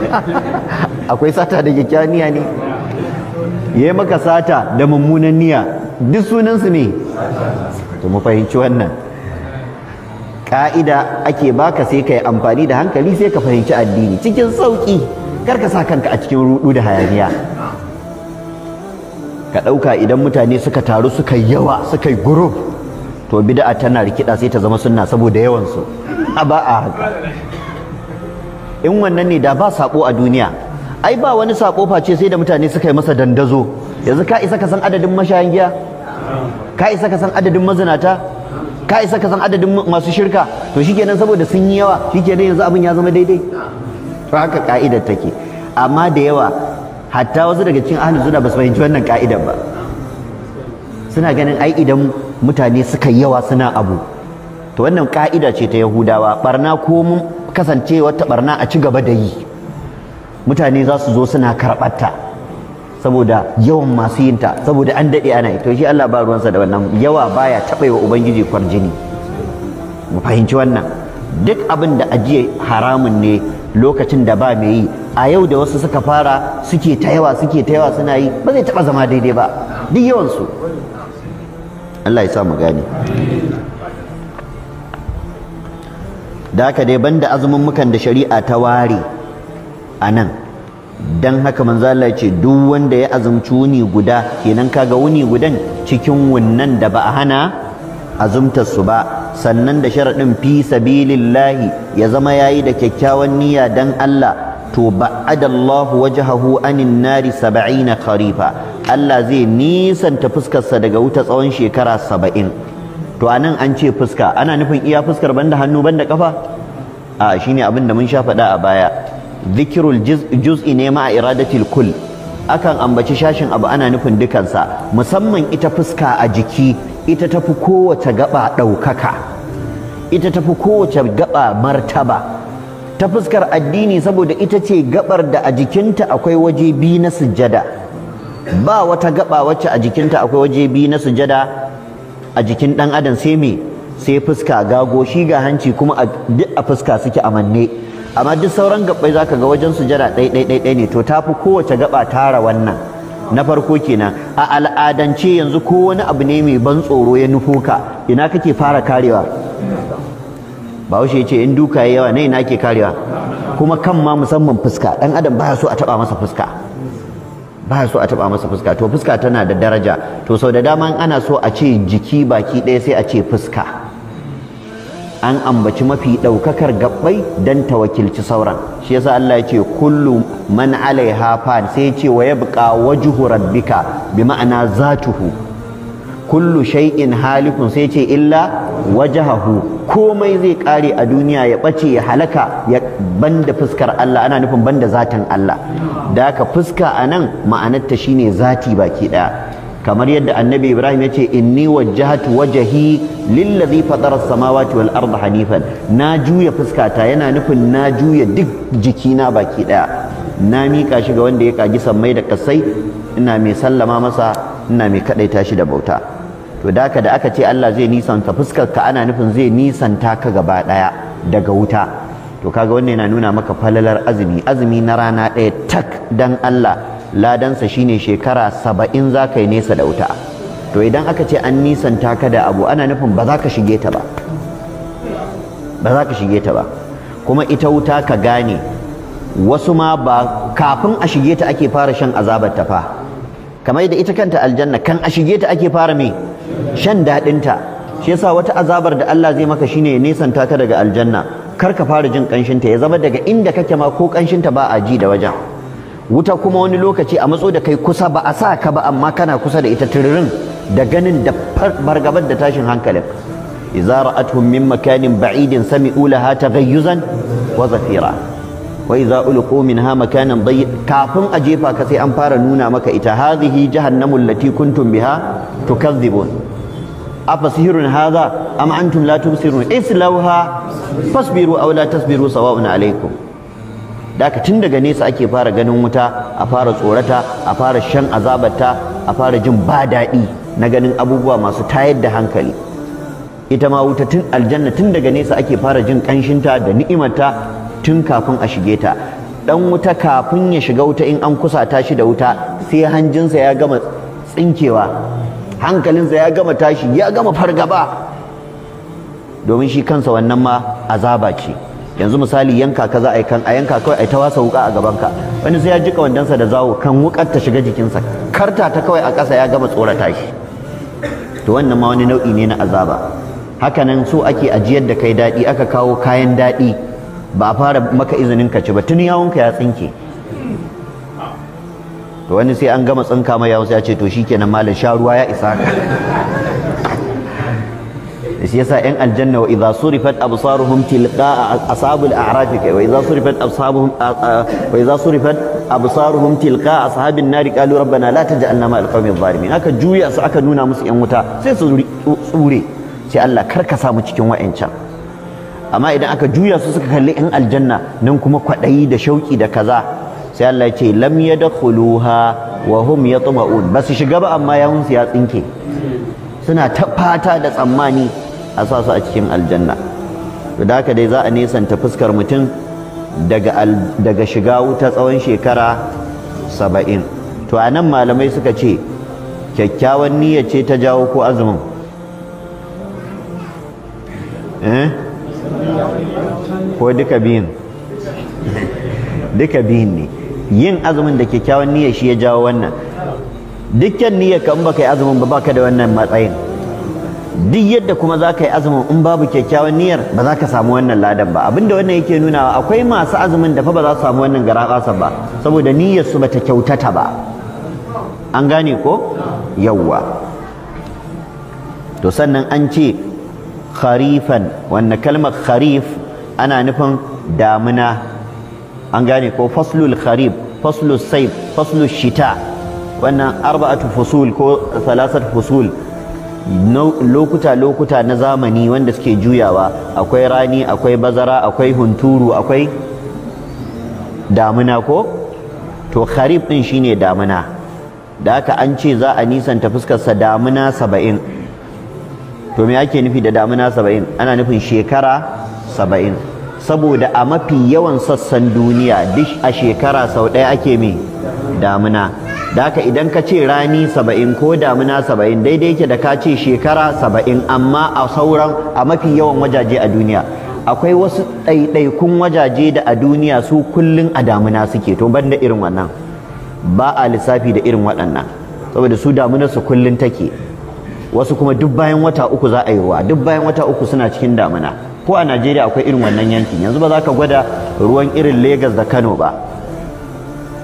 akwai sata da kyakkyawan niyya ne ya yi maka sata da mummunan niyya duk sunansu ne to mu fahimci wannan ka'ida ake baka sai ka yi amfani da hankali sai ka fahimci addini cikin sauƙi kar ka sa kanka a cikin rudu da hayaniya ka ɗauka idan mutane suka taru suka yawa suka yi guruf to bid'a tana rikida sai ta zama sunna saboda yawansu a ba a haka in wannan ne da ba sako a duniya ai ba wani sako face sai da mutane suka yi masa dandazo yanzu ka isa ka san adadin mashayan giya ka isa ka san adadin mazinata ka isa ka san adadin masu shirka to shikenan saboda sun yi yawa shikenan yanzu abin ya zama daidai to haka ka'idar take amma da yawa hatta wasu daga cikin ahlus sunna ba su fahimci wannan ka'idar ba suna ganin ai idan mutane suka yawa suna abu to wannan ka'ida ce ta yahudawa barna ko kasance wata barna a ci gaba da yi mutane za su zo suna karɓarta saboda yawan masu yinta saboda an daɗe ana yi to shi Allah ba ruwansa da wannan yawa baya taɓa wa ubangiji kwarjini mu fahimci wannan duk abin da ajiye haramun ne lokacin da ba mai yi a yau da wasu suka fara suke ta yawa suke ta yawa suna yi ba zai taɓa zama daidai ba duk yawansu Allah ya sa mu gane da haka dai banda azumin mukan da shari'a ta ware a dan haka manzo Allah ya ce duk wanda ya azumci wuni guda kenan kaga wuni gudan cikin wunnan da ba a hana azumtar su ba sannan da sharadin fi sabilillahi ya zama yayi da kyakkyawan niyya dan Allah to ba'adallahu wajhahu anin nari 70 kharifa Allah zai nisanta fuskarsa daga wuta tsawon shekara 70 to anan an ce fuska ana nufin iya fuskar banda hannu banda kafa a shine abin da mun sha faɗa a baya zikirul juz'i ne ma a iradatil kul akan ambaci shashin abu ana nufin dukansa musamman ita fuska a jiki ita tafi kowace gaba ɗaukaka ita tafi kowace gaba martaba ta fuskar addini saboda ita ce gabar da a jikinta akwai waje biyu na sujjada ba wata gaba wacce a jikinta akwai waje biyu na sujada? a jikin ɗan adam sai me sai fuska gago shi ga hanci kuma duk a fuska suke amanne amma duk sauran gabbai zaka ga wajen sujada ɗai ɗai ɗai ne to tafi kowace gaba tara wannan na farko kenan a al'adance yanzu ko wani abu ne mai ban tsoro ya nufo ka ina kake fara karewa bahaushe ya ce in duka yawa ne ina ke karewa kuma kan ma musamman fuska ɗan adam baya so a taɓa masa fuska ba so a taba masa fuska to fuska tana da daraja to sau da dama ana so a ce jiki baki ɗaya sai a ce fuska an ambaci mafi ɗaukakar gabbai don ta wakilci sauran shi yasa Allah ya ce kullu man alaiha fa sai ya ce wa yabqa wajhu rabbika bi ma'ana zatuhu kullu shay'in halikun sai ce illa wajahahu komai zai kare a duniya ya bace ya halaka ya banda fuskar Allah ana nufin banda zatin Allah da ka fuska anan ma'anarta shine zati baki daya kamar yadda annabi ibrahim ya ce inni wajjahatu wajahi lillazi fatara samawati wal arda hanifan na juya fuskata yana nufin na juya duk jikina baki daya na mika shi ga wanda ya kagi sammai da kasai ina mai sallama masa ina mai kadaita shi da bauta to da da aka ce Allah zai nisanta fuskar ka ana nufin zai nisanta ka gaba daya daga wuta to kaga wannan yana nuna maka falalar azumi azumi na rana ɗaya tak dan Allah ladansa shine shekara saba'in za ka yi nesa da wuta to idan aka ce an nisanta ka da abu ana nufin ba za ka shige ta ba ba za ka shige ta ba kuma ita wuta ka gane wasu ma ba kafin a shige ta ake fara shan azabar ta fa kamar da ita kanta aljanna kan a shige ta ake fara mai shan daɗin ta shi yasa wata azabar da Allah zai maka shine nesanta ka daga aljanna kar ka fara jin kanshin ta ya zama daga inda kake ma ko kanshin ta ba a ji da wajen wuta kuma wani lokaci a matso da kai kusa ba a sa ka ba amma kana kusa da ita tururin da ganin da bargabar da tashin hankalin izara ra'atuhum min makanin ba'idin sami'u laha taghayyuzan wa zafira wa idza ulqu minha makanan bai? kafin a jefa ka sai an fara nuna maka ita hazihi jahannamu lati kuntum biha tukadhibun afa sihrun hadha am antum la tubsirun islawha fasbiru aw la tasbiru sawa'un alaykum daka tun daga nesa ake fara ganin wuta a fara tsorata a fara shan azabarta a fara jin ba daɗi na ganin abubuwa masu tayar da hankali ita ma wuta tun aljanna tun daga nesa ake fara jin kanshinta da ni'imarta tun kafin a shige ta dan wuta kafin ya shiga wuta in an kusa tashi da wuta sai hanjinsa ya gama tsinkewa hankalinsa ya gama tashi ya gama fargaba domin shi kansa wannan ma azaba ce yanzu misali yanka ka za a yi kan a yanka kawai a ta wasa wuka a gabanka wani sai ya jika wandansa da zawo kan wukar ta shiga jikinsa karta ta kawai a ƙasa ya gama tsorata shi to wannan ma wani nau'i ne na azaba hakanan su ake ajiyar da kai daɗi aka kawo kayan daɗi ba a fara maka izinin ka ci ba tuni yawonka ya tsinke to wani sai an gama tsinka mai yawon sai ya ce to shikenan malam sha ruwa ya isa ka shi yasa yan aljanna wa idza surifat absaruhum tilqa ashabul a'raf kai wa idza surifat absaruhum wa idza surifat absaruhum tilqa ashabin nar qalu rabbana la taj'alna ma'al qawmi adh-dhalimin aka juya su aka nuna musu yan wuta sai su tsure sai Allah Kar ka samu cikin wa'ancan amma idan aka juya su suka kalli in aljanna nan kuma kwaɗayi da shauƙi da kaza sai Allah ya ce lam yadkhuluha wa hum yatma'un ba su shiga ba amma ya hunsu ya tsinke suna ta fata da tsammani a sa su a cikin aljanna to da haka dai za a nesanta fuskar mutum daga daga shiga wuta tsawon shekara saba'in to a nan malamai suka ce kyakkyawan niyya ce ta jawo ko azumin eh ko duka biyun duka biyun ne yin azumin da kyakkyawan niyyar shi ya jawo wannan dukkan niyyar ka in baka yi azumin ba baka da wannan matsayin duk yadda kuma za ka yi azumin in babu kyakkyawan niyyar ba za ka samu wannan ladan ba abinda wannan yake nunawa akwai masu azumin da fa ba za su samu wannan garaɓasa ba saboda niyyar su bata kyautata ba an gane ko yawwa to sannan an ce kharifan wannan kalmar kharif ana nufin damuna an gane ko faslul kharif faslul saif faslul shita wannan arba'atu fusul ko salasat fusul lokuta lokuta na zamani wanda suke juyawa akwai rani akwai bazara akwai hunturu akwai damuna ko to kharif din shine damuna da haka an ce za a nisan nisanta fuskarsa damuna saba'in to me ake nufi da damuna saba'in ana nufin shekara saba'in saboda a mafi yawan sassan duniya duk a shekara sau ɗaya ake mai damuna da haka idan ka ce rani saba'in ko damuna saba'in daidai yake da ka ce shekara saba'in amma a sauran a mafi yawan wajaje a duniya akwai wasu ɗaiɗaikun wajaje da a duniya su kullum a damuna suke to ban da irin wannan ba a lissafi da irin waɗannan saboda su damunarsu kullum take wasu kuma duk bayan wata uku za a yi ruwa duk bayan wata uku suna cikin damina ko a Najeriya akwai irin wannan yankin yanzu ba za ka gwada ruwan irin Legas da Kano ba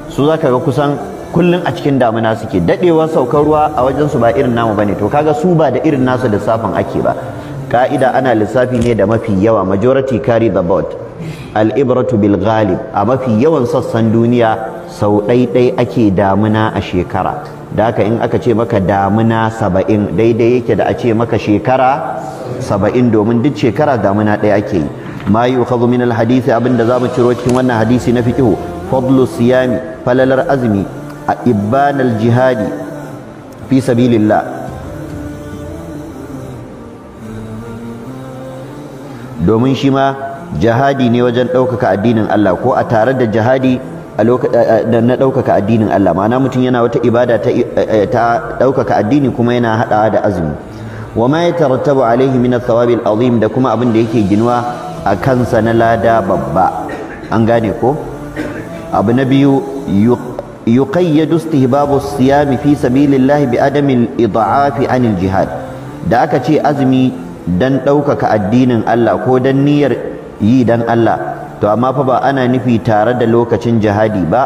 su za ka ga kusan kullum a cikin damina suke dadewar saukar ruwa a wajen su ba irin namu bane to kaga su ba da irin nasu lissafin ake ba ka'ida ana lissafi ne da mafi yawa majority carry the vote al-ibratu bil ghalib a mafi yawan sassan duniya sau ɗaiɗai ake damuna a shekara da haka in aka ce maka damuna saba'in daidai yake da a ce maka shekara saba'in domin duk shekara damuna ɗaya ake yi ma yi hadisi min alhadisi abinda za mu ciro cikin wannan hadisi na fiƙihu fadlu siyami falalar azumi a ibban jihadi, fi sabilillah domin shi ma jihadi ne wajen ɗaukaka addinin Allah ko a tare da jihadi na ɗaukaka addinin Allah ma'ana mutum yana wata ibada eh, ta ɗaukaka addini kuma yana haɗawa da azumi wa ma yatarattabu alaihi min athawabi alazim da kuma abin da yake ginuwa a kansa na lada babba an gane ko abu na biyu yuqayyadu istihbabu siyami fi Sabilillahi, bi adami al-id'afi an al-jihad da aka ce azumi dan ɗaukaka addinin Allah ko dan niyyar yi dan Allah to amma fa ba ana nufi tare da lokacin jihadi ba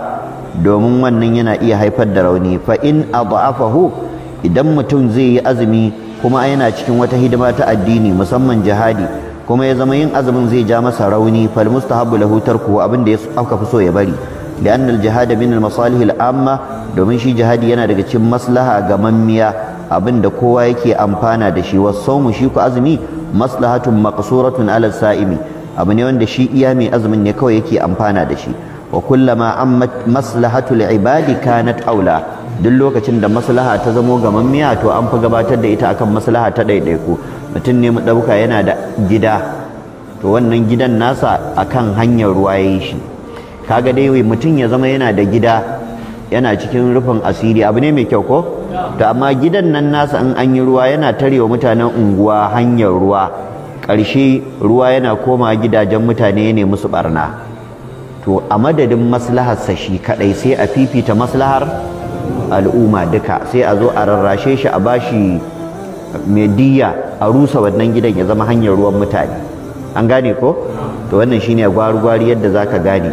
domin wannan yana iya haifar da rauni fa in adha'afahu idan mutum zai yi azumi kuma yana cikin wata hidima ta addini musamman jihadi kuma ya zama yin azumin zai ja masa rauni fal mustahabbu lahu tarkuhu abin da aka fi so ya bari لأن الجهاد من المصالح العامة domin shi jihadi yana daga cikin maslaha ga mammiya abinda kowa yake amfana da shi was mu shi ku azumi maslahatun maqsuratun ala sa'imi abu ne wanda shi iya mai azumin ne kawai yake amfana da shi wa kullama an maslahatul ibadi kanat aula duk lokacin da maslaha ta zamo ga miya to an fi gabatar da ita akan maslaha ta ɗaiɗaiku mutum ne mu ɗauka yana da gida to wannan gidan nasa akan hanyar ruwa ya yi shi kaga dai mutum ya zama yana da gida yana cikin rufin asiri abu ne mai kyau ko to amma gidan nan nasa in an yi ruwa yana tare wa mutanen unguwa hanyar ruwa ƙarshe ruwa yana koma gidajen mutane ne musu barna to a madadin maslaharsa shi kadai sai a fifita maslahar al'umma duka sai a zo a rarrashe shi a bashi mediya a rusa wannan gidan ya zama hanyar ruwan mutane an gane ko to wannan shine gwari-gwari yadda zaka gane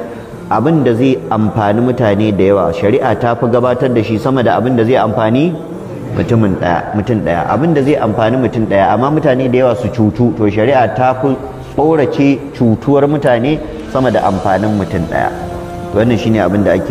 abin da zai amfani mutane da yawa shari'a ta fi gabatar da shi sama da abin da zai amfani mutumin daya mutum daya abin da zai amfani mutum ɗaya amma mutane da yawa su cutu to shari'a ta fi tsorace cutuwar mutane sama da amfanin mutum daya to wannan shine abin da ake